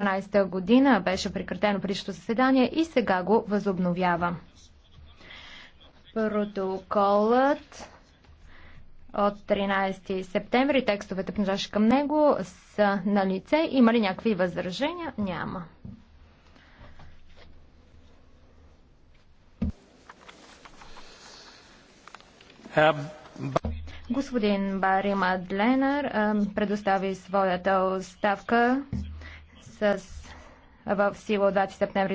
2012 година беше прекратено предишното заседание и сега го възобновява. Протоколът от 13 септември, текстовете, принадлежащи към него, са на лице. Има ли някакви възражения? Няма. Господин Бари Мадленър предостави своята оставка с в сила от 20 септември